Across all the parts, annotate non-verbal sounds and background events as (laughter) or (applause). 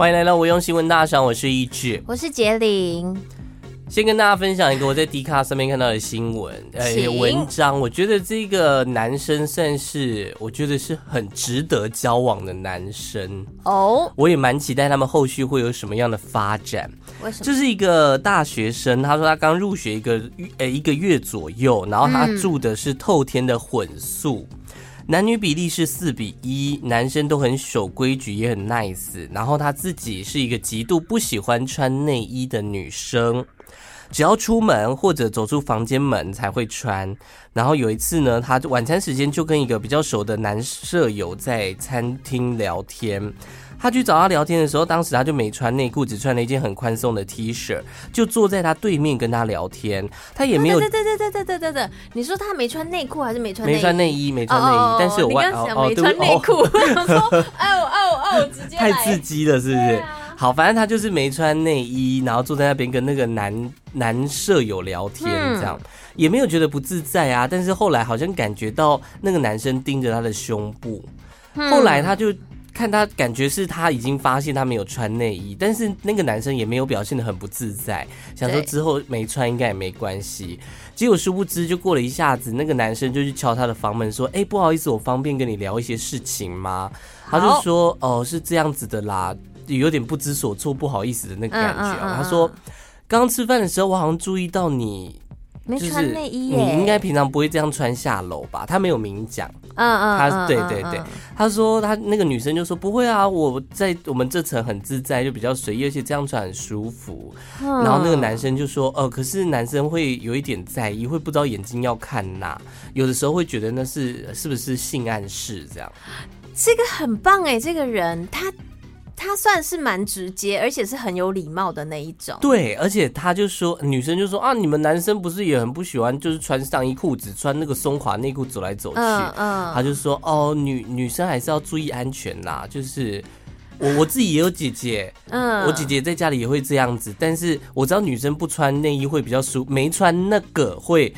歡迎來到無用腥聞大賞，我是一誌，我是婕鈴。先跟大家分享一個我在 D 卡上面看到的新聞，呃，文章。我覺得這個男生算是，我覺得是很值得交往的男生哦。我也蠻期待他們後續會有什麼樣的發展。為什麼？這、就是一個大學生，他說他剛入學一個呃一個月左右，然後他住的是透天的混宿。嗯男女比例是四比一，男生都很守規矩，也很 nice。然後他自己是一個極度不喜歡穿內衣的女生，只要出門或者走出房間門才會穿。然後有一次呢，他晚餐時間就跟一個比較熟的男舍友在餐廳聊天。他去找他聊天的時候，當時他就沒穿內褲，只穿了一件很寬鬆的 T 恤，就坐在他對面跟他聊天。他也沒有、哦、對對對對對對對你說他沒穿內褲還是沒穿？沒穿內衣，沒穿內衣、哦，但是有外套。哦沒穿內褲，哦哦 (laughs) 哦，哦，哦！直接太刺激了，是不是、啊？好，反正他就是沒穿內衣，然後坐在那邊跟那個男男舍友聊天，這樣、嗯、也沒有覺得不自在啊。但是後來好像感覺到那個男生盯着他的胸部、嗯，後來他就。看他感覺是他已經發現他沒有穿內衣，但是那個男生也沒有表現得很不自在，想說之後沒穿應該也沒關係。結果殊不知就過了一下子，那個男生就去敲他的房門說：“哎、欸，不好意思，我方便跟你聊一些事情嗎？”他就說：“哦，是這樣子的啦，有點不知所措，不好意思的那個感覺啊、哦。嗯嗯嗯嗯”他說：“剛吃飯的時候，我好像注意到你。”就是你應該平常不會這樣穿下樓吧，沒穿內衣欸。他沒有明講，嗯嗯，嗯，對對對嗯，嗯嗯，他對對對，他說他那個女生就說不會啊，我在我們這層很自在，就比較隨意，而且這樣穿很舒服。嗯、然後那個男生就說，哦、呃，可是男生會有一點在意，會不知道眼睛要看哪，啊，有的時候會覺得那是是不是性暗示這樣。這個很棒哎，欸，這個人他。他算是蠻直接，而且是很有禮貌的那一種。對，而且他就說，女生就說啊，你們男生不是也很不喜歡，就是穿上衣褲子穿那個鬆垮內褲走來走去。嗯，嗯，他就說哦，女女生還是要注意安全啦。就是我我自己也有姐姐，嗯，我姐姐在家裡也會這樣子，但是我知道女生不穿內衣會比較舒，沒穿那個會。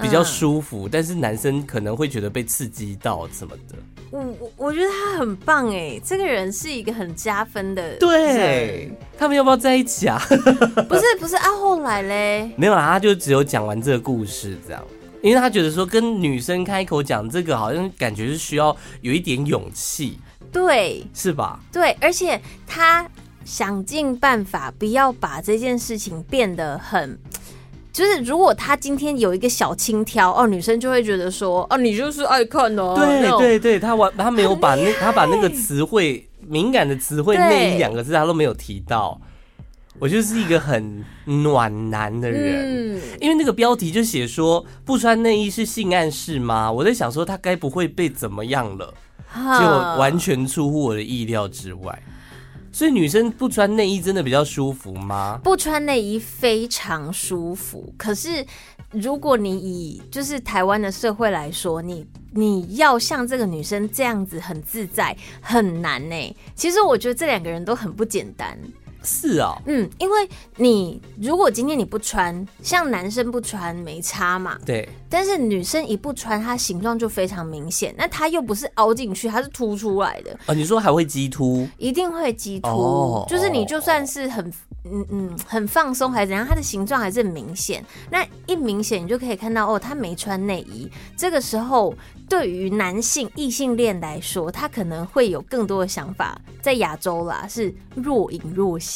比較舒服、嗯，但是男生可能會覺得被刺激到什麼的。我我我覺得他很棒哎，這個人是一個很加分的。對，是是他們要不要在一起啊？ (laughs) 不是不是，啊後來嘞？沒有啦，他就只有講完這個故事這樣，因為他覺得說，跟女生開口講這個，好像感覺是需要有一點勇氣，對，是吧？對，而且他想盡辦法不要把這件事情變得很。就是如果他今天有一個小輕佻哦，女生就會覺得說哦、啊，你就是愛看哦、啊。對對對，他完他沒有把那 (laughs) 他把那個詞彙敏感的詞彙內衣兩個字他都沒有提到。我就是一個很暖男的人，嗯、因為那個標題就寫說不穿內衣是性暗示嗎？我在想說他該不會被怎麼樣了，結果完全出乎我的意料之外。所以女生不穿內衣真的比較舒服嗎？不穿內衣非常舒服，可是如果你以就是台灣的社會來說，你你要像這個女生這樣子很自在，很難呢、欸。其實我覺得這兩個人都很不簡單。是哦，嗯，因為你如果今天你不穿，像男生不穿沒差嘛，對。但是女生一不穿，它形狀就非常明顯。那它又不是凹進去，它是凸出來的。啊、哦，你說還會激凸？一定會激凸。哦、就是你就算是很嗯嗯很放鬆還是怎樣，它的形狀還是很明顯。那一明顯，你就可以看到哦，她沒穿內衣。這個時候，對於男性異性戀來說，他可能會有更多的想法。在亞洲啦，是若隱若現。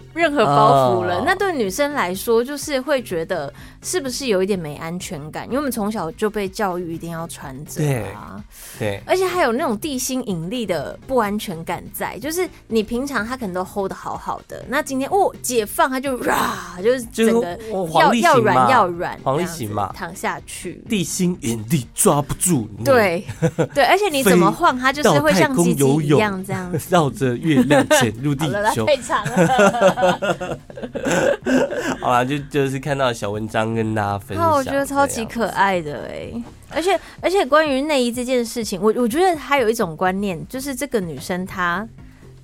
任何包袱了，啊，那對女生來說就是會覺得是不是有一點沒安全感？因為我們從小就被教育一定要穿着，啊，對啊，對，而且還有那種地心引力的不安全感在，就是你平常他可能都 hold 得好好的，那今天哦解放，他就啊，就是整個要要軟要軟，黃立行嘛，躺下去，地心引力抓不住你，對對，而且你怎麼晃，它就是會像游泳一樣這樣，繞着月亮潛入地球。 (laughs) 好了 (laughs) (laughs) (laughs) 好哈啊，就就是看到小文章跟大家分享，啊、我覺得超級可愛的哎、欸。 (laughs) 而且而且，關於內衣這件事情，我我覺得還有一種觀念，就是這個女生她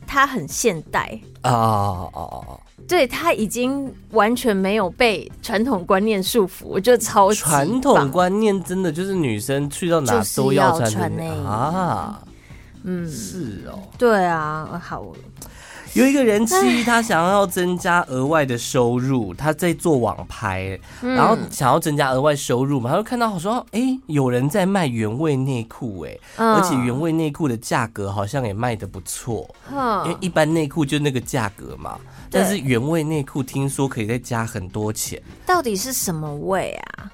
她很現代啊啊！Oh. 對，她已經完全沒有被傳統觀念束縛，我覺得超傳統觀念真的就是女生去到哪都要穿內衣、就是要穿內衣啊。嗯，是哦、喔。對啊，好。有一個人妻，他想要增加額外的收入，他在做網拍，嗯、然後想要增加額外收入嘛？他就看到，好說：“哎、欸，有人在賣原味內褲、欸，哎、嗯，而且原味內褲的價格好像也賣得不錯，因為一般內褲就那個價格嘛。但是原味內褲聽說可以再加很多錢。到底是什麼味啊？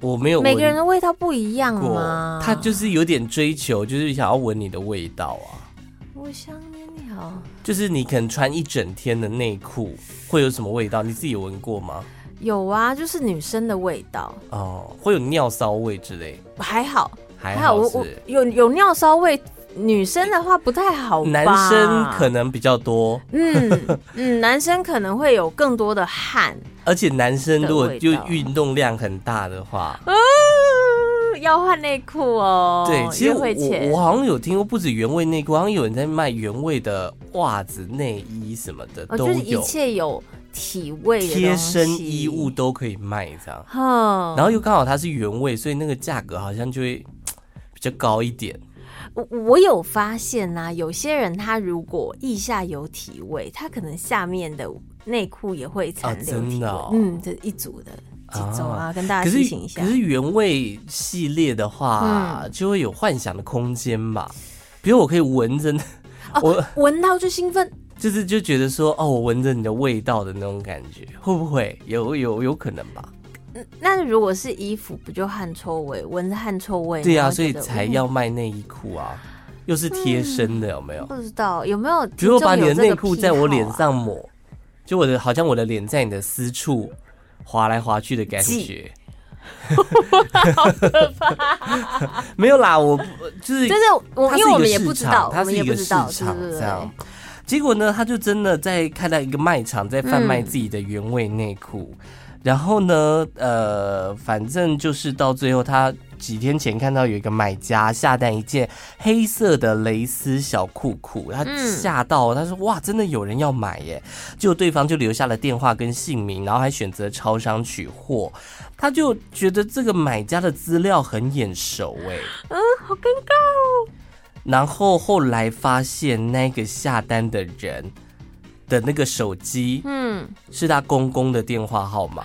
我沒有聞過。每個人的味道不一樣嗎？他就是有點追求，就是想要聞你的味道啊。我想。就是你可能穿一整天的內褲會有什麼味道？你自己有聞過嗎？有啊，就是女生的味道哦，會有尿騷味之類。還好，還好，還好我我有有尿騷味。女生的話不太好，男生可能比較多。嗯 (laughs) 嗯，男生可能會有更多的汗的味道，而且男生如果就運動量很大的話。嗯要換內褲哦！對，其實我會，我好像有聽過，不止原味內褲，好像有人在賣原味的襪子、內衣什麼的、哦、就是一切有體味的貼身衣物都可以賣這樣。然後又剛好它是原味，所以那個價格好像就會比較高一點。我，我有發現吶、啊，有些人他如果腋下有體味，他可能下面的內褲也會殘留體味、啊，真的哦，嗯，這一組的。幾啊，啊？跟大家提醒一下可。可是，原味系列的話，嗯、就會有幻想的空間吧?比如我可以聞着、哦，我聞到就興奮，就是就覺得說，哦，我聞着你的味道的那種感覺，會不會有有有可能吧、嗯?那如果是衣服，不就汗臭味？聞着汗臭味，對啊，所以才要賣內衣褲啊、嗯，又是貼身的，有沒有？不知道有沒有，有、啊?比如把你的內褲在我臉上抹，就我的好像我的臉在你的私處。滑來滑去的感覺， (laughs) 好可怕！ (laughs) 沒有啦，我就是就是，是因為我們也不知道，他們有個市場不知道這樣。對對對，結果呢，他就真的在看到一個賣場在販賣自己的原味內褲。嗯然後呢，呃，反正就是到最後，他幾天前看到有一個買家下單一件黑色的蕾絲小褲褲，他嚇到，他說：“哇，真的有人要買耶！”就對方就留下了電話跟姓名，然後還選擇超商取貨，他就覺得這個買家的資料很眼熟，哎，嗯，好尷尬哦。然後後來發現那個下單的人。的那個手機，嗯，是他公公的電話號碼。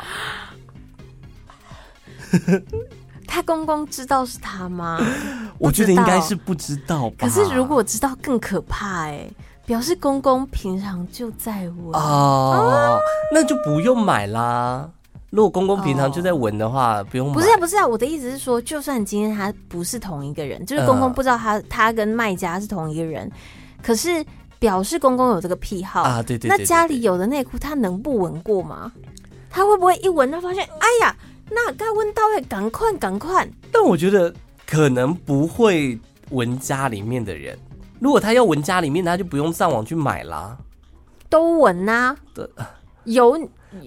他公公知道是他嗎？ (laughs) 我覺得應該是不知道吧。可是如果知道更可怕哎、欸，表示公公平常就在聞哦。Oh, oh, 那就不用買啦。如果公公平常就在聞的話，不用買。Oh, 不是，啊、不是啊，我的意思是說，就算今天他不是同一個人，就是公公不知道他，uh, 他跟賣家是同一個人，可是。表示公公有這個癖好啊，對對，對對。那家裡有的內褲，他能不聞過嗎？他會不會一聞他發現？哎呀，那該聞到位，趕快趕快。但我覺得可能不會聞家裡面的人。如果他要聞家裡面，他就不用上網去買啦、啊。都聞吶、啊，對，有。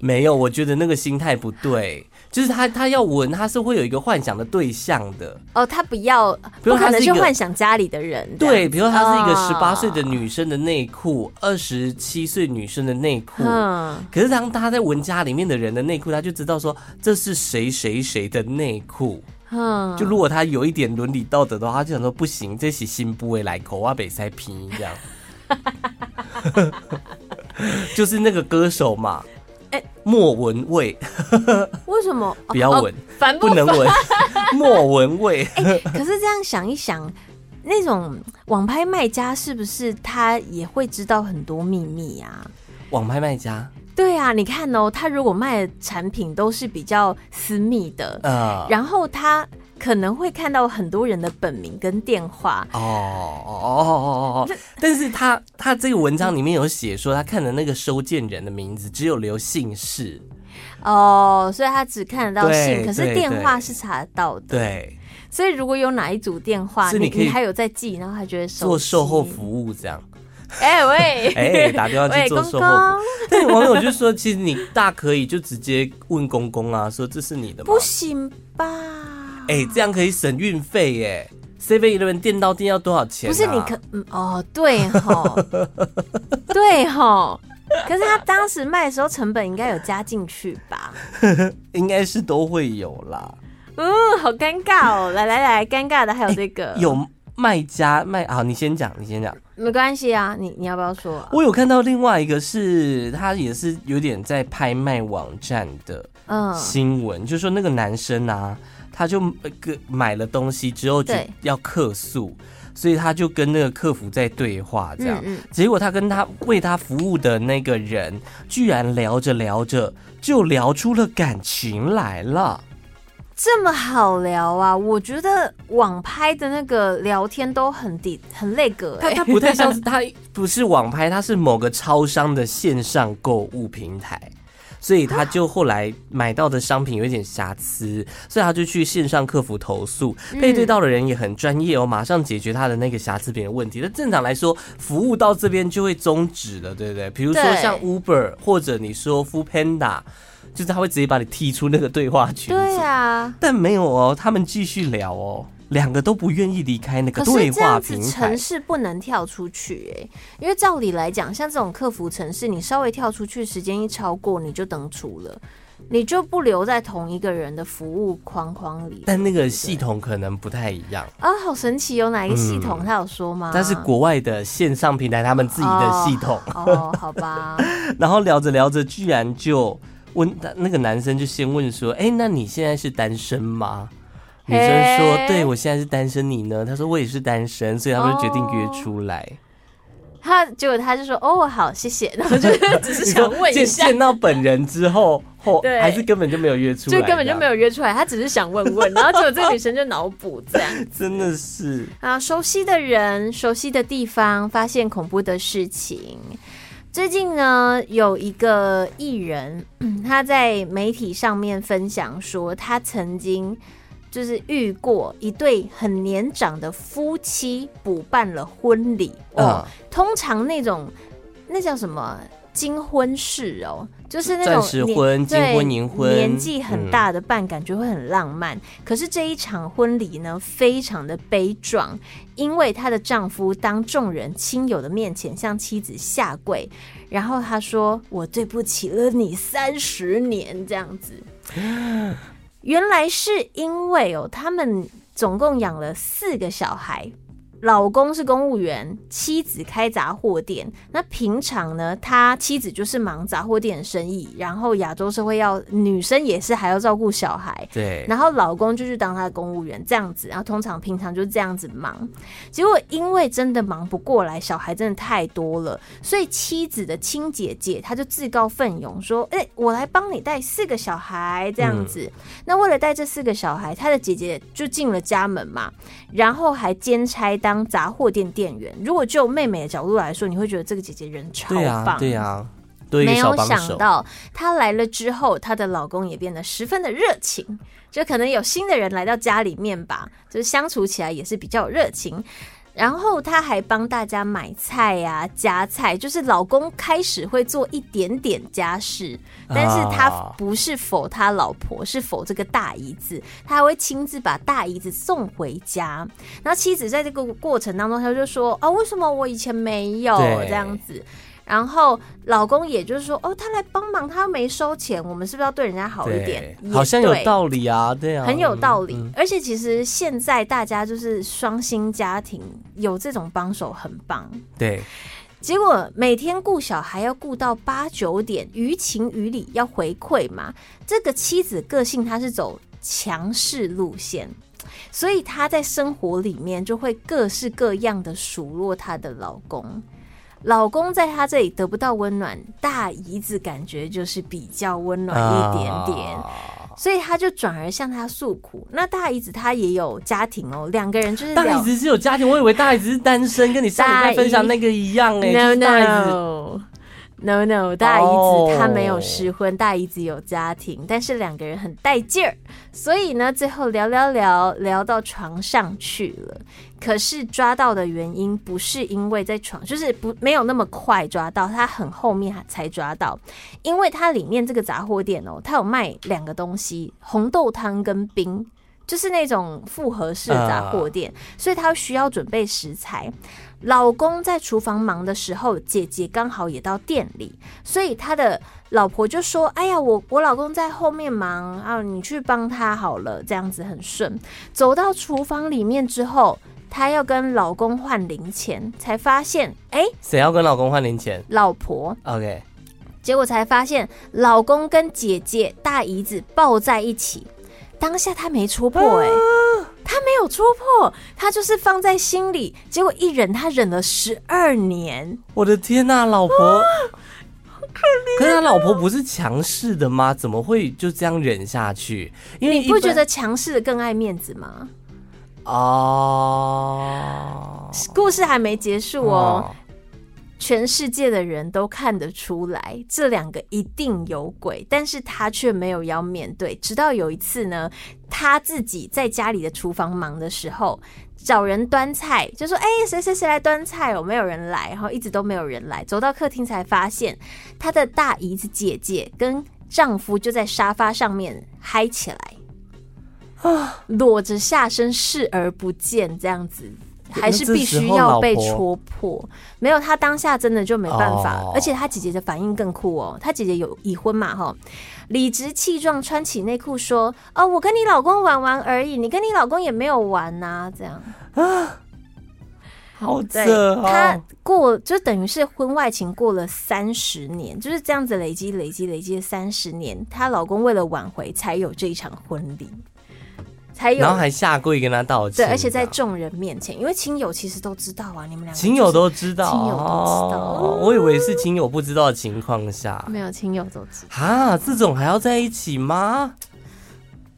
沒有，我覺得那個心態不對，就是他他要聞，他是會有一個幻想的對象的。哦，他不要，有可能是幻想家裡的人。對，比如說他是一個十八歲的女生的內褲，二十七歲女生的內褲。嗯。可是當他在聞家裡面的人的內褲，他就知道說這是誰誰誰的內褲。嗯。就如果他有一點倫理道德的話，他就想說不行，這些性部位來口啊北塞拼這樣。 (laughs) (laughs) 就是那個歌手嘛。哎，莫文蔚， (laughs) 為什麼？哦、不要聞、哦，不能聞。 (laughs) 莫文蔚 (laughs) 。可是這樣想一想，那種網拍賣家是不是他也會知道很多秘密啊？網拍賣家？對啊，你看哦，他如果賣的產品都是比較私密的，嗯、呃，然後他。可能會看到很多人的本名跟電話，哦哦哦哦哦哦，但是他他這個文章裡面有寫說，他看的那個收件人的名字只有留姓氏哦，所以他只看得到姓，可是電話是查得到的。對，對，對，所以如果有哪一組電話，是你可以還有在寄，然後他覺得做售後服務這樣？哎、欸、喂，哎、欸，打電話去做售後服務。對網友就說，其實你大可以就直接問公公啊，說這是你的嗎？不行吧？哎、欸，這樣可以省運費耶！7-11店到店要多少錢？啊？不是你可、嗯、哦，對吼 (laughs) 對吼。可是他當時賣的時候成本應該有加進去吧？ (laughs) 應該是都會有啦。嗯，好尷尬哦！來來來，尷尬的還有這個，欸、有賣家賣啊？你先講，你先講，沒關係啊。你你要不要說？啊？我有看到另外一個是他也是有點在拍賣網站的新聞，嗯、就是說那個男生啊。他就跟買了東西之後就要客訴，所以他就跟那個客服在對話，這樣嗯嗯。結果他跟他為他服務的那個人，居然聊着聊着就聊出了感情來了。這麼好聊啊？我覺得網拍的那個聊天都很低，很那個、欸。他他不太像是他， (laughs) 他不是網拍，他是某個超商的線上購物平台。所以他就後來買到的商品有一點瑕疵，啊，所以他就去線上客服投訴，嗯。配對到的人也很專業哦，馬上解決他的那個瑕疵品的問題。但正常來說，服務到這邊就會終止了，對不對？對？比如說像 Uber 或者你說 Food Panda，就是他會直接把你踢出那個對話群。對啊，但沒有哦，他們繼續聊哦。兩個都不願意離開那個對話平台，程式不能跳出去哎、欸，因為照理來講，像這種客服程式，你稍微跳出去，時間一超過，你就登出了，你就不留在同一個人的服務框框裡。但那個系統可能不太一樣啊、哦，好神奇，有哪一個系統他有說嗎、嗯？但是國外的線上平台他們自己的系統哦，哦，好吧。 (laughs) 然後聊着聊着，居然就問那那個男生就先問說，哎、欸，那你現在是單身嗎？女生說：“對，我現在是單身，你呢？”他說：“我也是單身。”所以他們就決定約出來。哦，他結果他就說：“哦，好，謝謝。”然後就 (laughs) 你說 (laughs) 只是想問一下，見到本人之後，後，對還是根本就沒有約出來，就根本就沒有約出來。他只是想問問，然後結果這個女生就腦補這樣， (laughs) 真的是啊，熟悉的人，熟悉的地方，發現恐怖的事情。最近呢，有一個藝人他在媒體上面分享說，他曾經。就是遇過一對很年長的夫妻補辦了婚禮哦、嗯。通常那種那叫什麼金婚式哦，就是那種金婚、銀婚，年婚對，年紀很大的辦，感覺會很浪漫、嗯。可是這一場婚禮呢，非常的悲壯，因為她的丈夫當眾人親友的面前向妻子下跪，然後他說：“我對不起了你三十年。”這樣子。嗯原來是因為哦，他們總共養了四個小孩。老公是公務員，妻子開雜貨店。那平常呢，他妻子就是忙雜貨店的生意，然後亞洲社會要女生也是還要照顧小孩，對。然後老公就去當他的公務員，這樣子。然後通常平常就是這樣子忙，結果因為真的忙不過來，小孩真的太多了，所以妻子的親姐姐，她就自告奮勇說：“哎、欸，我來幫你帶四個小孩。”這樣子、嗯。那為了帶這四個小孩，她的姐姐就進了家門嘛，然後還兼差。當雜貨店店員，如果就妹妹的角度來說，你會覺得這個姐姐人超棒，對啊，對啊，對啊，沒有想到她來了之後，她的老公也變得十分的熱情，就可能有新的人來到家裡面吧，就是相處起來也是比較有熱情。然後他還幫大家買菜呀、啊、夾菜，就是老公開始會做一點點家事，但是他不是 for 他老婆，是 for 這個大姨子，他還會親自把大姨子送回家。然後妻子在這個過程當中，他就說啊，為什麼我以前沒有這樣子？然後老公也就是說，哦，他來幫忙，他又沒收錢，我們是不是要對人家好一點？好像有道理啊，對啊，很有道理、嗯嗯。而且其實現在大家就是雙薪家庭，有這種幫手很棒。對，結果每天顧小孩要顧到八九點，於情於理要回饋嘛。這個妻子個性她是走強勢路線，所以她在生活裡面就會各式各樣的數落她的老公。老公在他這裡得不到溫暖，大姨子感覺就是比較溫暖一點點，啊、所以他就轉而向他訴苦。那大姨子她也有家庭哦，兩個人就是大姨子是有家庭， (laughs) 我以為大姨子是單身，跟你上禮拜分享那個一樣哎、欸，No, no，大姨子她沒有失婚，Oh. 大姨子有家庭，但是兩個人很帶勁兒，所以呢，最後聊聊聊聊到床上去了。可是抓到的原因不是因為在床，就是不沒有那麼快抓到，他很後面才抓到，因為他裡面這個雜貨店哦，他有賣兩個東西：紅豆湯跟冰。就是那種複合式雜貨、啊、店，所以他需要準備食材。老公在廚房忙的時候，姐姐剛好也到店裡，所以他的老婆就說：“哎呀，我我老公在後面忙啊，你去幫他好了。”這樣子很順。走到廚房裡面之後，他要跟老公換零錢，才發現哎，誰、欸、要跟老公換零錢？老婆。OK。結果才發現，老公跟姐姐大姨子抱在一起。當下他沒戳破、欸，哎、呃，他沒有戳破，他就是放在心裡。結果一忍，他忍了十二年。我的天吶、啊，老婆，可、喔、可是他老婆不是強勢的嗎？怎麼會就這樣忍下去？因為你不覺得強勢的更愛面子嗎？哦，故事還沒結束、喔、哦。全世界的人都看得出來，這兩個一定有鬼，但是他卻沒有要面對。直到有一次呢，他自己在家裡的廚房忙的時候，找人端菜，就說：“哎、欸，誰誰誰來端菜哦？”沒有人來，然後一直都沒有人來。走到客廳才發現，他的大姨子姐姐跟丈夫就在沙發上面嗨起來，啊、哦，裸着下身視而不見，這樣子。還是必須要被戳破，沒有他當下真的就沒辦法，oh. 而且他姐姐的反應更酷哦。他姐姐有已婚嘛哈，理直氣壯穿起內褲說：“哦，我跟你老公玩玩而已，你跟你老公也沒有玩吶、啊。”這樣啊， (laughs) 好在她、哦、過就等於是婚外情過了三十年，就是這樣子累積累積累積了三十年，她老公為了挽回才有這一場婚禮。然後還下跪跟他道歉、啊，對，而且在眾人面前，因為親友其實都知道啊，你們倆、就是、親友都知道，親友都知道、哦。我以為是親友不知道的情況下，沒有親友都知道。啊，這種還要在一起嗎？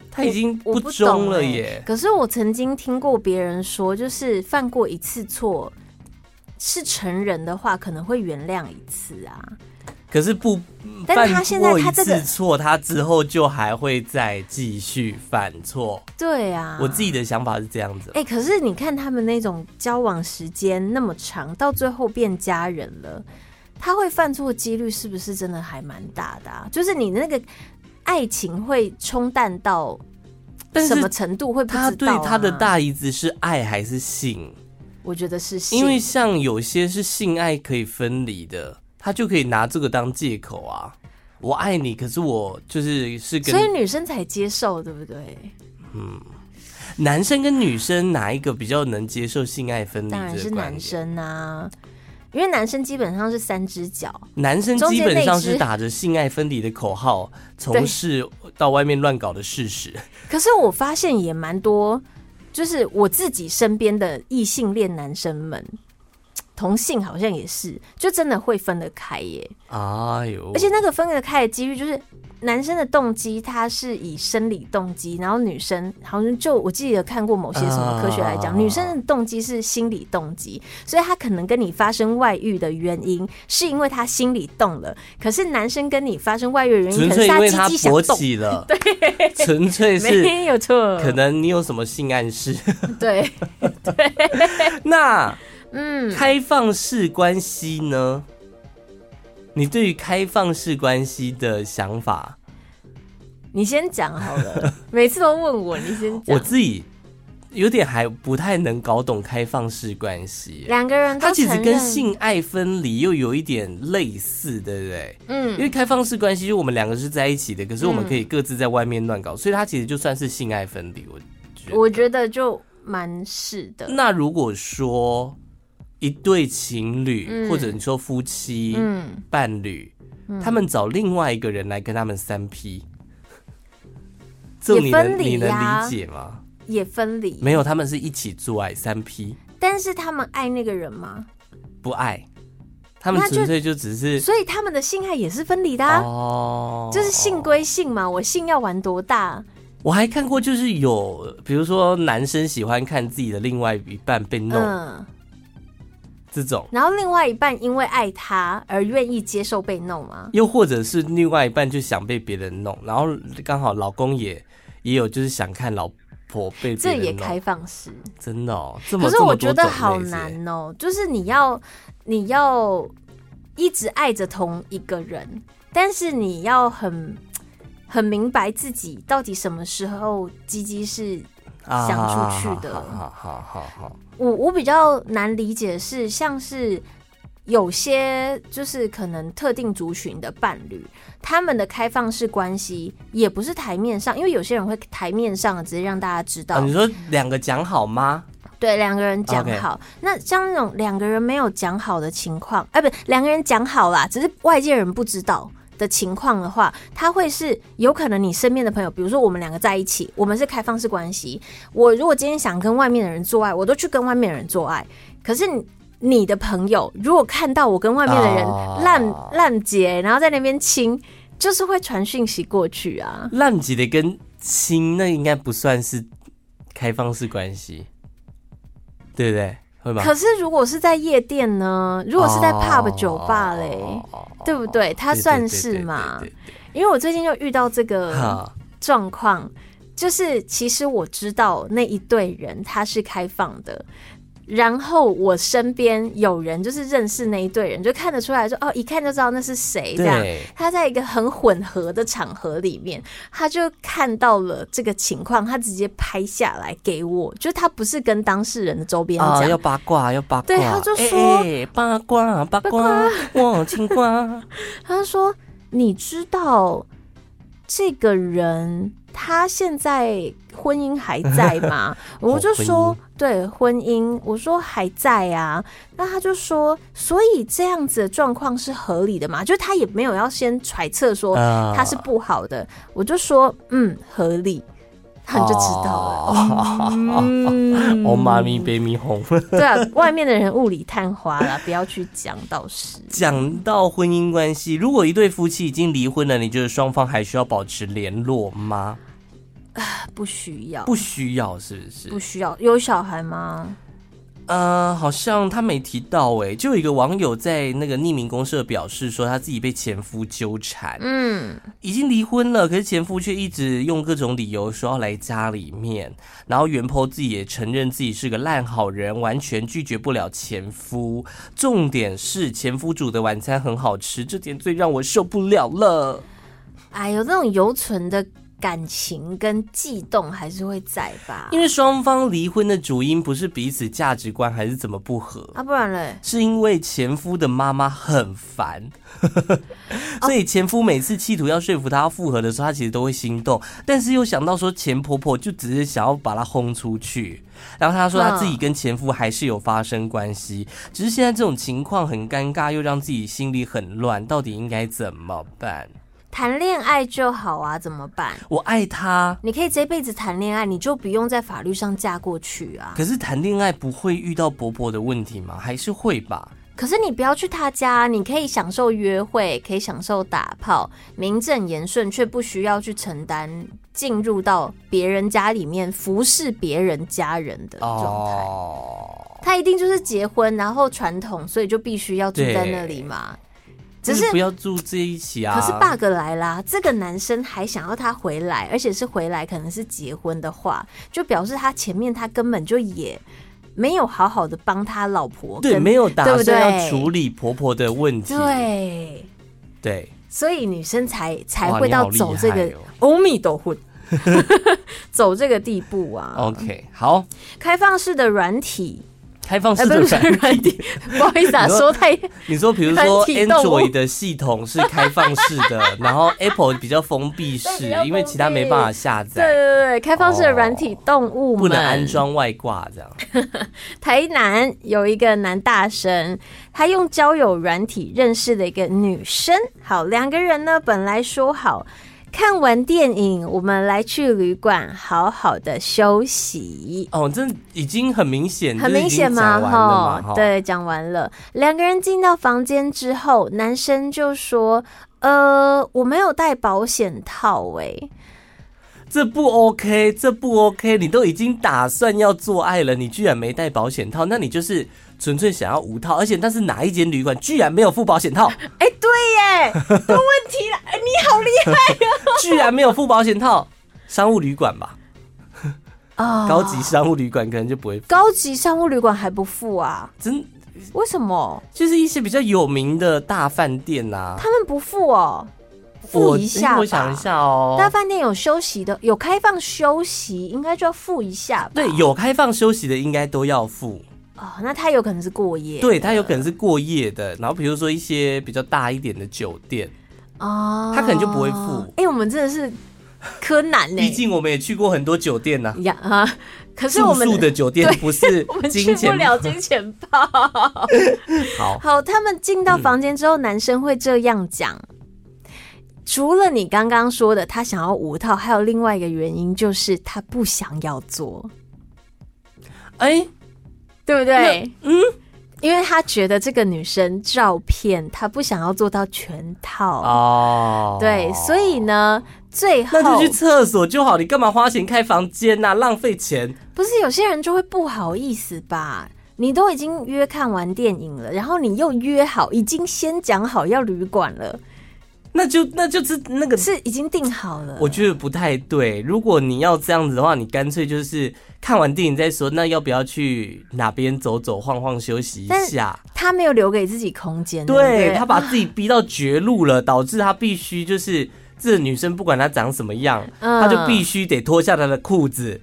他已經不忠了耶、欸。可是我曾經聽過別人說，就是犯過一次錯，是成人的話，可能會原諒一次啊。可是不，但他現在他這個知錯，他之後就還會再繼續犯錯。對啊，我自己的想法是這樣子。哎、欸，可是你看他們那種交往時間那麼長，到最後變家人了，他會犯錯的幾率是不是真的還蠻大的、啊？就是你那個愛情會沖淡到什麼程度？會不知道、啊、他對他的大姨子是愛還是性？我覺得是性，因為像有些是性愛可以分離的。他就可以拿這個當借口啊！我愛你，可是我就是是個。所以女生才接受，對不對？嗯，男生跟女生哪一個比較能接受性愛分離？當然是男生啊，這個、因為男生基本上是三隻腳，男生基本上是打着性愛分離的口號從事到外面亂搞的事實。可是我發現也蠻多，就是我自己身邊的異性戀男生們。同性好像也是，就真的會分得開耶。哎呦！而且那個分得開的幾率就是男生的動機，他是以生理動機，然後女生好像就我記得看過某些什麼科學來講、啊，女生的動機是心理動機、啊，所以他可能跟你發生外遇的原因，是因為他心理動了。可是男生跟你發生外遇的原因機機動，純粹因為他勃起了， (laughs) 對，純粹是。有錯。可能你有什麼性暗示？對 (laughs) 對，對 (laughs) 那。嗯，開放式關係呢？你對於開放式關係的想法，你先講好了。 (laughs) 每次都問我，你先講。我自己有點還不太能搞懂開放式關係。兩個人都，他其實跟性愛分離又有一點類似，對不對？嗯，因為開放式關係，就我們兩個是在一起的，可是我們可以各自在外面亂搞，嗯，所以他其實就算是性愛分離。我覺得我覺得就蠻是的。那如果說。一對情侶、嗯，或者你說夫妻、嗯、伴侶，他們找另外一個人來跟他們三 P、啊、這你能你能理解嗎？也分離？沒有，他們是一起做愛三 P。但是他們愛那個人嗎？不愛，他們純粹就只是就。所以他們的性愛也是分離的、啊、哦，就是性歸性嘛，我性要玩多大？我還看過，就是有比如說男生喜歡看自己的另外一半被弄。嗯這種，然後另外一半因為愛他而願意接受被弄嗎？又或者是另外一半就想被別人弄，然後剛好老公也也有就是想看老婆被別人弄，這也開放式，真的、哦這麼可好哦這麼，可是我覺得好難哦，就是你要你要一直愛着同一個人，但是你要很很明白自己到底什麼時候雞雞是想出去的，好好好好好。好好好好好我我比較難理解是，像是有些就是可能特定族群的伴侶，他們的開放式關係也不是台面上，因為有些人會台面上只是讓大家知道。啊、你說兩個講好嗎？對，兩個人講好。Okay. 那像那種兩個人沒有講好的情況，哎、啊，不，兩個人講好啦，只是外界人不知道。的情況的話，他會是有可能你身邊的朋友，比如說我們兩個在一起，我們是開放式關係。我如果今天想跟外面的人做愛，我都去跟外面的人做愛。可是你的朋友如果看到我跟外面的人爛爛結，然後在那邊親，就是會傳訊息過去啊。爛結的跟親，那應該不算是開放式關係，對不對，對？會吧？可是如果是在夜店呢？如果是在 pub、oh, 酒吧嘞？對不對？他算是嘛。對對對對對對對。因為我最近又遇到這個狀況，就是其實我知道那一對人他是開放的。然後我身邊有人就是認識那一對人，就看得出來說，哦，一看就知道那是誰這樣。對，他在一個很混合的場合裡面，他就看到了這個情況，他直接拍下來給我，就他不是跟當事人的周邊講，哦、要八卦，要八卦。對，他就說欸欸八卦八卦，八卦，我聽瓜。 (laughs) 他就說你知道這個人他現在。婚姻還在嗎？我就說、 (laughs) 哦、婚對婚姻，我說還在啊。那他就說，所以這樣子的狀況是合理的嘛？就他也沒有要先揣測說他是不好的。呃、我就說嗯，合理，他就知道了。哦、嗯、哦媽咪咪紅對啊，外面的人霧裡探花了，不要去講到實。講到婚姻關係，如果一對夫妻已經離婚了，你覺得雙方還需要保持聯絡嗎？不需要，不需要，是不是？不需要有小孩嗎？嗯、呃，好像他沒提到誒、欸。就有一個網友在那個匿名公社表示說，他自己被前夫糾纏，嗯，已經離婚了，可是前夫卻一直用各種理由說要來家裡面。然後原 PO 自己也承認自己是個爛好人，完全拒絕不了前夫。重點是前夫煮的晚餐很好吃，這點最讓我受不了了。哎，有這種猶存的。感情跟悸動還是會在吧？因為雙方離婚的主因不是彼此價值觀還是怎麼不合啊？不然嘞？是因為前夫的媽媽很煩、啊，所以前夫每次企圖要說服她要復合的時候，他其實都會心動，但是又想到說前婆婆就只是想要把他轟出去，然後他說他自己跟前夫還是有發生關係、嗯，只是現在這種情況很尷尬，又讓自己心裡很亂，到底應該怎麼辦？談戀愛就好啊，怎麼辦？我愛他，你可以這輩子談戀愛，你就不用在法律上嫁過去啊。可是談戀愛不會遇到婆婆的問題嗎？還是會吧？可是你不要去他家啊，你可以享受約會，可以享受打炮，名正言順，卻不需要去承擔進入到別人家裡面服侍別人家人的狀態。Oh. 他一定就是結婚，然後傳統，所以就必須要住在那裡嘛。只是，是不要住在一起啊！可是 bug 來啦，這個男生還想要他回來，而且是回來可能是結婚的話，就表示他前面他根本就也沒有好好的幫他老婆，對，沒有打算對對要處理婆婆的問題，對，對，所以女生才才會到走這個歐米都混，走這個地步啊。 (laughs) OK，好，開放式的軟體。開放式的軟體，欸、體，不好意思、啊 (laughs) 說，說太。你說，比如說 Android 的系統是開放式的，然後 Apple 比較封閉式， (laughs) 因為其他沒辦法下載。對，對對對，開放式的軟體動物、哦、不能安裝外掛，這樣。 (laughs) 台南有一個男大生，他用交友軟體認識了一個女生。好，兩個人呢，本來說好。看完電影，我們來去旅館好好的休息。哦，這已經很明顯，很明顯嘛，哈、就是。對，講完了。兩個人進到房間之後，男生就說：“呃，我沒有帶保險套、欸，哎，這不 OK，這不 OK。你都已經打算要做愛了，你居然沒帶保險套，那你就是純粹想要無套。而且，但是哪一間旅館居然沒有附保險套？哎、欸，對耶，出問題了。 (laughs) ”厲害呀！居然沒有付保險套，商務旅館吧？啊， (laughs) 高級商務旅館可能就不會付。高級商務旅館還不付啊？真？為什麼？就是一些比較有名的大飯店吶、啊，他們不付哦。付一下我、嗯，我想一下哦。大飯店有休息的，有開放休息，應該就要付一下吧。對，有開放休息的，應該都要付。哦，那他有可能是過夜？對他有可能是過夜的。然後比如說一些比較大一點的酒店，哦、oh，他可能就不會付。哎、欸，我們真的是柯南嘞！畢竟我們也去過很多酒店吶。啊！Yeah, uh, 可是我們住的酒店不是， (laughs) 我們去不了金錢豹。 (laughs) (laughs) 好好，他們進到房間之後、嗯，男生會這樣講。除了你剛剛說的，他想要無套，還有另外一個原因就是他不想要做。哎、欸，對不對？嗯。因為他覺得這個女生照片，他不想要做到全套哦、oh，對，所以呢，最後那就去廁所就好，你幹嘛花錢開房間啊，浪費錢。不是有些人就會不好意思吧？你都已經約看完電影了，然後你又約好，已經先講好要旅館了。那就那就是那個是已經定好了，我覺得不太對。如果你要這樣子的話，你乾脆就是看完電影再說。那要不要去哪邊走走晃晃休息一下？他沒有留給自己空間，對，他把自己逼到絕路了，導致他必須就是這個女生不管她長什麼樣，他就必須得脫下他的褲子。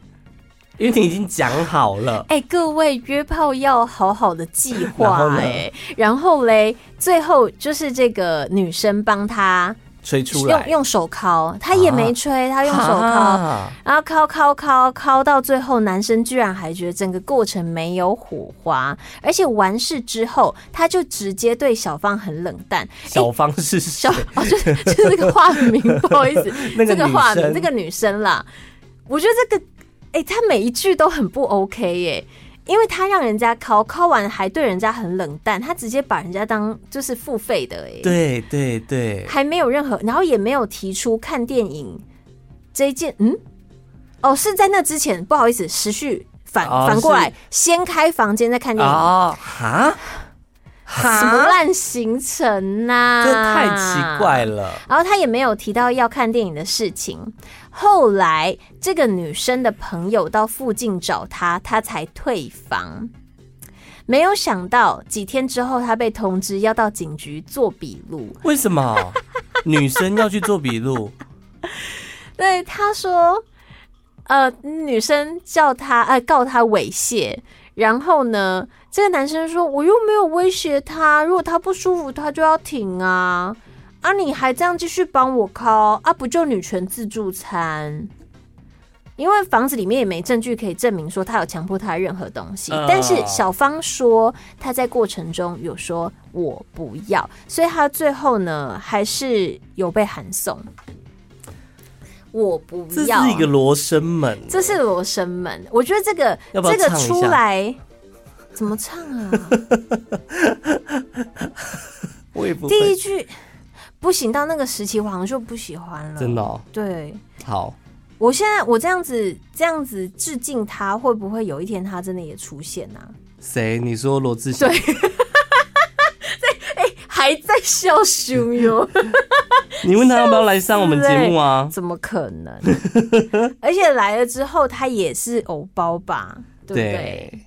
因為你已經講好了，哎、欸，各位約炮要好好的計劃哎，然後嘞，最後就是這個女生幫他吹出來，用用手尻，他也沒吹，啊、他用手尻，啊，然後尻尻尻尻到最後，男生居然還覺得整個過程沒有火花，而且完事之後他就直接對小芳很冷淡。小芳是誰？欸、小方，哦，就就是個化名， (laughs) 不好意思，那個，這個化名，那，這個女生啦，我覺得這個。哎、欸，他每一句都很不 OK 耶，因為他讓人家考，考完還對人家很冷淡，他直接把人家當就是付費的哎，對對對，還沒有任何，然後也沒有提出看電影這一件，嗯，哦，是在那之前，不好意思，持續反反過來，哦、先開房間再看電影哦哈。哈？什麼爛行程吶、啊？這太奇怪了。然後他也沒有提到要看電影的事情。後來，這個女生的朋友到附近找她，她才退房。沒有想到，幾天之後，她被通知要到警局做筆錄。為什麼 (laughs) 女生要去做筆錄？ (laughs) 對，他說：“呃，女生叫他，哎、呃，告他猥褻。然後呢，這個男生說，我又沒有威脅他，如果他不舒服，他就要停啊。”啊！你還這樣繼續幫我 call 啊？不就女權自助餐？因為房子裡面也沒證據可以證明說他有強迫他任何東西，呃、但是小芳說他在過程中有說我不要，所以他最後呢還是有被函送。我不要，這是一個羅生門，這是羅生門。我覺得這個要要這個出來怎麼唱啊？ (laughs) 我也不會。第一句。不行，到那個時期我好像就不喜歡了。真的、哦，對，好，我現在我這樣子這樣子致敬他，會不會有一天他真的也出現呢、啊？誰？你說羅志祥？對，哎、 (laughs) 欸，還在笑熊喲！ (laughs) 你問他要不要來上我們節目啊？怎麼可能？ (laughs) 而且來了之後，他也是偶包吧？對不對？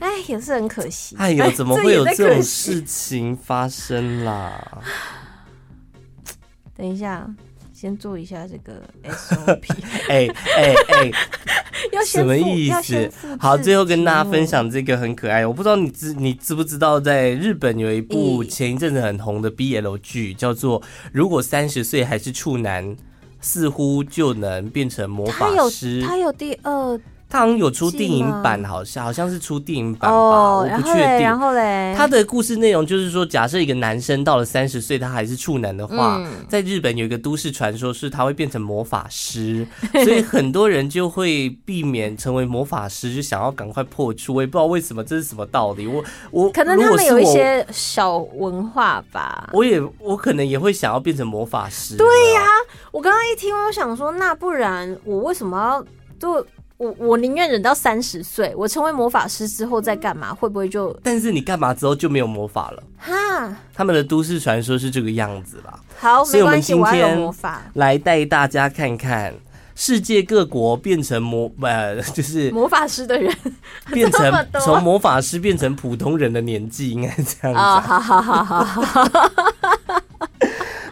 哎，也是很可惜。哎呦，怎麼會有這種事情發生啦？等一下，先做一下這個 SOP，哎哎哎， (laughs) 欸欸欸、 (laughs) 什麼意思？ (laughs) 好，最後跟大家分享這個很可愛。我不知道你知你知不知道，在日本有一部前一陣子很紅的 BL 劇，欸，叫做《如果三十歲還是處男，似乎就能變成魔法師》，他，他有第二，他好像有出電影版，好像好像是出電影版吧，哦、我不確定。然後咧，他的故事內容就是說，假設一個男生到了三十歲他還是處男的話、嗯，在日本有一個都市傳說是他會變成魔法師， (laughs) 所以很多人就會避免成為魔法師，就想要趕快破處。我也不知道為什麼這是什麼道理，我我可能他們有一些小文化吧。我也我可能也會想要變成魔法師。對呀、啊，我剛剛一聽，我想說，那不然我為什麼要做？我我寧願忍到三十歲。我成為魔法師之後再幹嘛？會不會就……但是你幹嘛之後就沒有魔法了？哈！他們的都市傳說是這個樣子吧。好，我們今天來帶大家看看世界各國變成魔，魔法，呃，就是魔法師的人變成從魔法師變成普通人的年紀，應該這樣子。啊，oh，好好好好，哈哈哈哈哈哈。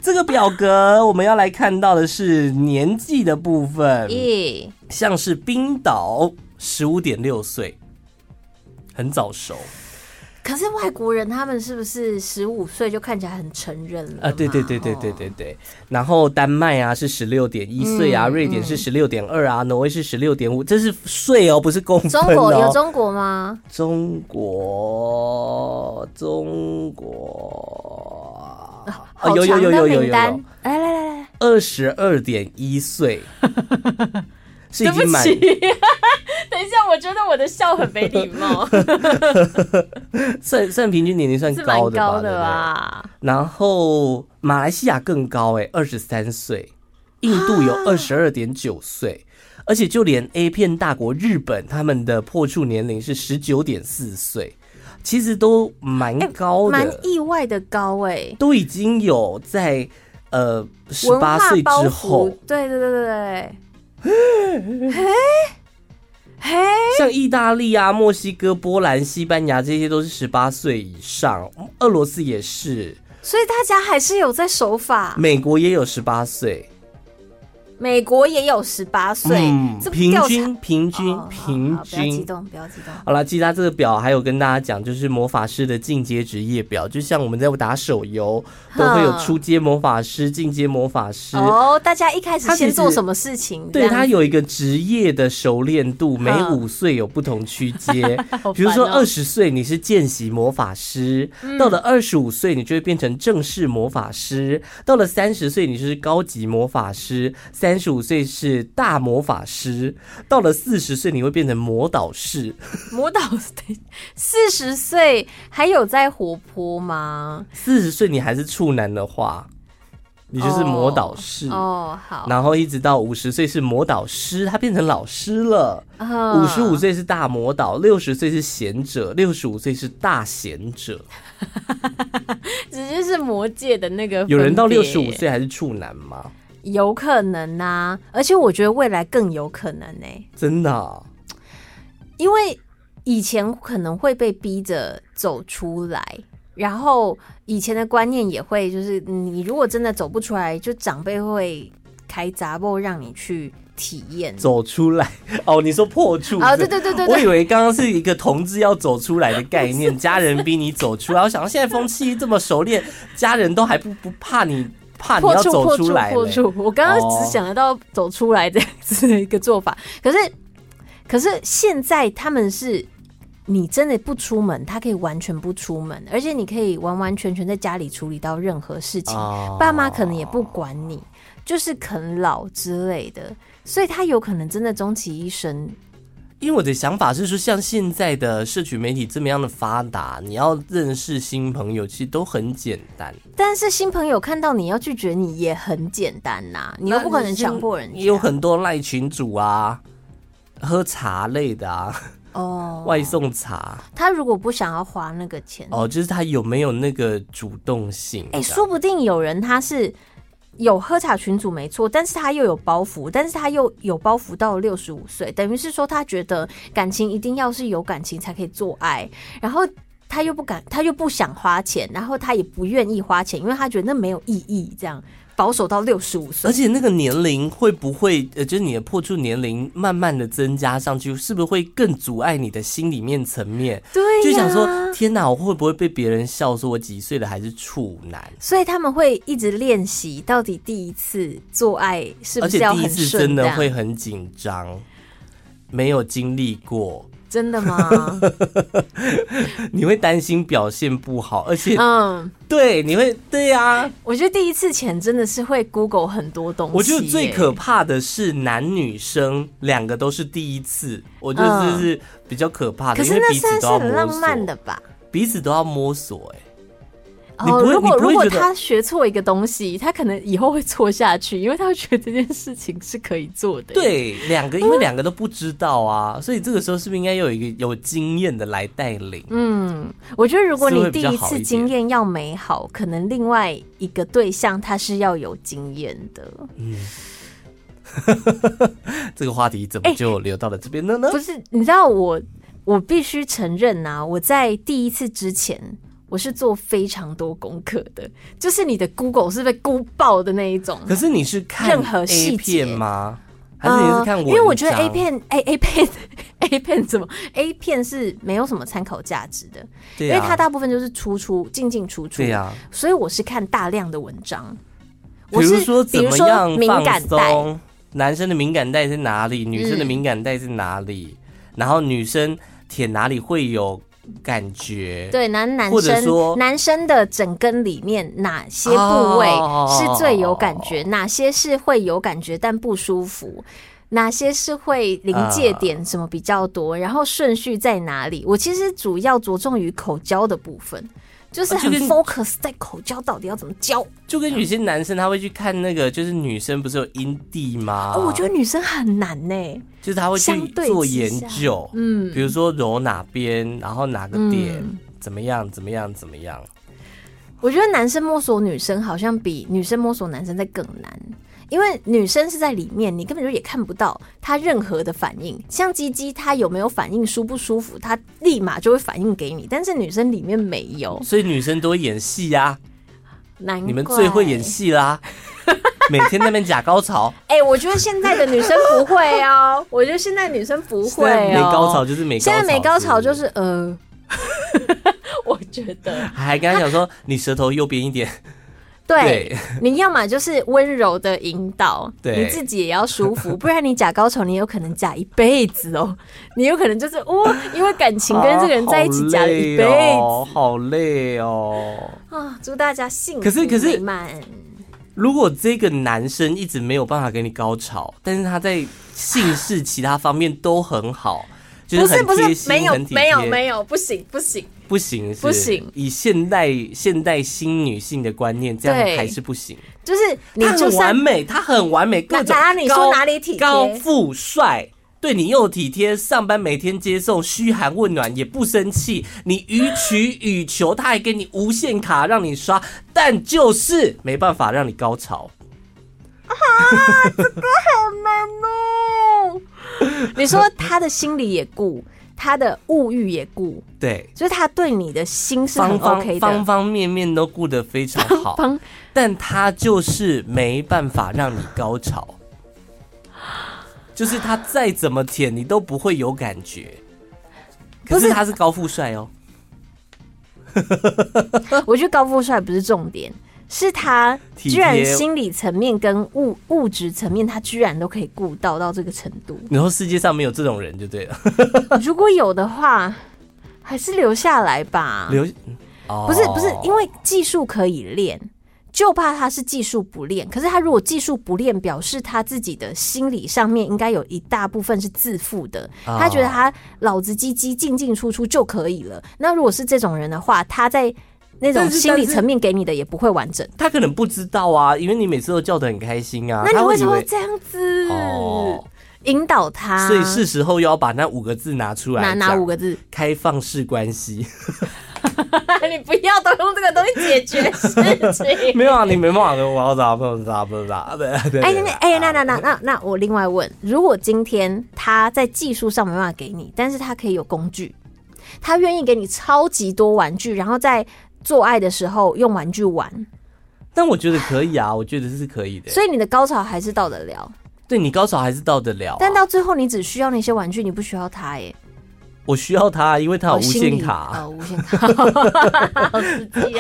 這個表格我們要來看到的是年紀的部分，啊、像是冰島十五點六歲，很早熟。可是外國人他們是不是十五歲就看起來很成人了啊？對對對對對對、哦，然後丹麥啊是十六點一歲啊、嗯，瑞典是十六點二啊、嗯，挪威是十六點五，這是歲哦，不是公分、哦，中國有中國嗎？中國，中國。哦哦、有，有，有有有有有有，有來來來，二十二點一歲，歲 (laughs) 對不起是已經，等一下，我覺得我的笑很沒禮貌。 (laughs) 算算平均年齡算高的吧。高的吧吧，然後馬來西亞更高哎，二十三歲，印度有二十二點九歲，而且就連 A 片大國日本，他們的破處年齡是十九點四歲。其實都蠻高的，蠻、欸、意外的高誒、欸，都已經有在呃十八歲之後，對對對對， (laughs) 嘿，嘿，像意大利啊、墨西哥、波蘭、西班牙這些都是十八歲以上，俄羅斯也是，所以大家還是有在守法，美國也有十八歲。美國也有十八歲，平均平均平均。平均平均哦，好了，其他這個表還有跟大家講，就是魔法師的進階職業表，就像我們在打手遊都會有初階魔法師、進階魔法師哦。大家一開始先做什麼事情？對，他有一個職業的熟練度，每五歲有不同區階，哦。比如說二十歲你是見習魔法師， (laughs) 哦，到了二十五歲你就會變成正式魔法師，嗯，到了三十歲你就是高級魔法師。三十五歲是大魔法師，到了四十歲你會變成魔導士。魔導士，四十歲還有在活潑嗎？四十歲你還是處男的話，你就是魔導士哦，哦。好，然後一直到五十歲是魔導師，他變成老師了。五十五歲是大魔導，六十歲是賢者，六十五歲是大賢者。直 (laughs) 接是魔界的那個。有人到六十五歲還是處男嗎？有可能啊，而且我覺得未來更有可能呢、欸。真的、哦，因為以前可能會被逼着走出來，然後以前的觀念也會，就是你如果真的走不出來，就長輩會開查某讓你去體驗走出來。哦，你說破處啊、哦？對對對對，對，我以為剛剛是一個同志要走出來的概念， (laughs) 家人逼你走出來。我想到現在風氣這麼熟練，家人都還不不怕你。破處破處破處！我剛剛只想得到走出來的這、oh、 (laughs) 一個做法，可是可是現在他們是你真的不出門，他可以完全不出門，而且你可以完完全全在家裡處理到任何事情，爸媽可能也不管你，就是啃老之類的，所以他有可能真的終其一生。因為我的想法是說，像現在的社群媒體這麼樣的發達，你要認識新朋友其實都很簡單。但是新朋友看到你要拒絕你也很簡單吶、啊，你又不可能強迫人家。有很多賴群主啊，喝茶類的啊，哦、oh，外送茶。他如果不想要花那個錢，哦、oh，就是他有沒有那個主動性？哎、欸，說不定有人他是。有喝茶群主沒錯，但是他又有包袱，但是他又有包袱到六十五歲，等於是說他覺得感情一定要是有感情才可以做愛，然後他又不敢，他又不想花錢，然後他也不願意花錢，因為他覺得那沒有意義這樣。保守到六十五歲，而且那個年齡會不會呃，就是你的破處年齡慢慢的增加上去，是不是會更阻礙你的心理面層面？對、啊，就想說天哪，我會不會被別人笑說我幾歲了還是處男？所以他們會一直練習，到底第一次做愛是不是要很順啊？而且第一次真的會很緊張，沒有經歷過。真的嗎？ (laughs) 你會擔心表現不好，而且，嗯，對，你會，對呀、啊。我覺得第一次前真的是會 Google 很多東西、欸。我覺得最可怕的是男女生兩個都是第一次，我覺得這是比較可怕的。嗯、可是那算是很浪漫的吧？彼此都要摸索、欸，哎。哦，如果如果他學錯一個東西，他可能以後會錯下去，因為他會覺得這件事情是可以做的。對，兩個因為兩個都不知道啊、嗯，所以這個時候是不是應該有一個有經驗的來帶領？嗯，我覺得如果你第一次經驗要美好，好，可能另外一個對象他是要有經驗的。嗯， (laughs) 這個話題怎麼就留到了這邊了呢、欸？不是，你知道我我必須承認吶、啊，我在第一次之前。我是做非常多功課的，就是你的 Google 是被 Google 爆的那一種。可是你是看 A 片嗎？還是你是看我、呃？因為我覺得 A 片 A、欸、A 片 A 片怎麼 A 片是沒有什麼參考價值的，對、啊，因為它大部分就是出出進進出出。對啊，所以我是看大量的文章。啊、我是比如說，怎麼樣放鬆？男生的敏感帶在哪裡？女生的敏感帶在哪裡、嗯？然後女生舔哪裡會有？感覺對男男生男生的整根裡面哪些部位是最有感覺，哦、哪些是會有感覺但不舒服，哪些是會臨界點什麼比較多，呃、然後順序在哪裡？我其實主要着重於口交的部分。就是很 focus 在口交到底要怎麼交，哦就，就跟有些男生他會去看那個，就是女生不是有陰蒂嗎？哦，我覺得女生很難呢，就是他會去做研究，嗯，比如說揉哪邊，然後哪個點，嗯，怎麼樣，怎麼樣，怎麼樣。我覺得男生摸索女生好像比女生摸索男生在更難。因為女生是在裡面，你根本就也看不到她任何的反應，像雞雞她有沒有反應，舒不舒服，她立馬就會反應給你。但是女生裡面沒有，所以女生都會演戲呀、啊。難怪，你們最會演戲啦， (laughs) 每天那邊假高潮。哎 (laughs) 欸，我覺得現在的女生不會哦、喔，我覺得現在的女生不會，沒高潮就是沒。現在沒高潮就是潮潮、就是、呃， (laughs) 我覺得還跟他講說、啊、你舌頭右邊一點。對，你要麼就是溫柔的引導，對你自己也要舒服，不然你假高潮，你有可能假一輩子哦。你有可能就是哦，因為感情跟這個人在一起假了一輩子、啊，好累哦，好累哦。啊，祝大家幸福。可是可是，如果這個男生一直沒有辦法給你高潮，但是他在性事其他方面都很好， (laughs) 就是很貼心、很體貼，不是不是，沒有沒有，沒有，沒有，不行，不行。不行，不行！以現代現代新女性的觀念，這樣還是不行。就是他很完美，他很完美，各種高，哪裡體貼，高富帥，對你又體貼，上班每天接受噓寒問暖也不生氣，你予取予求， (laughs) 他還給你無限卡讓你刷，但就是沒辦法讓你高潮。啊，這個好難哦！ (laughs) 你說他的心理也顧。他的物欲也顧，對，就是他對你的心是很 okay 的，方，方，方方面面都顧得非常好，但他就是沒辦法讓你高潮， (laughs) 就是他再怎麼舔你都不會有感覺，可是他是高富帥哦， (laughs) 我覺得高富帥不是重點。是他居然心理層面跟物物質層面，他居然都可以顧到到這個程度。然後世界上沒有這種人就對了。如果有的話，還是留下來吧。留，不是不是，因為技術可以練，就怕他是技術不練。可是他如果技術不練，表示他自己的心理上面應該有一大部分是自負的。他覺得他腦子雞雞進進出出就可以了。那如果是這種人的話，他在。那種心理層面給你的也不會完整，但是但是。他可能不知道啊，因為你每次都叫得很開心啊。那你為什麼這樣子會、哦？引導他。所以是時候要把那五個字拿出來。拿拿五個字，開放式關係。 (laughs) (laughs) 你不要都用這個東西解決事情。 (laughs) 沒有啊，你沒辦法跟我咋不能咋不能咋？對、啊、對、啊。哎哎、啊、哎，那那那那那，那那我另外問，如果今天他在技術上沒辦法給你，但是他可以有工具，他願意給你超級多玩具，然後在。做愛的時候用玩具玩，但我覺得可以啊， (laughs) 我覺得是可以的、欸。所以你的高潮還是到得了，對你高潮還是到得了、啊。但到最後你只需要那些玩具，你不需要他耶、欸、我需要他，因為他有無限卡。哦 (laughs) 哦、無限卡。 (laughs) 啊、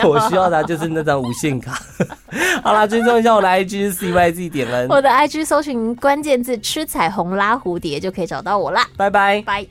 我需要的就是那張無限卡。 (laughs) 好了，追蹤一下我的 IG (laughs) 是 cyz 點 n。我的 IG 搜尋關鍵字“吃彩虹拉蝴蝶”就可以找到我啦。拜拜。拜。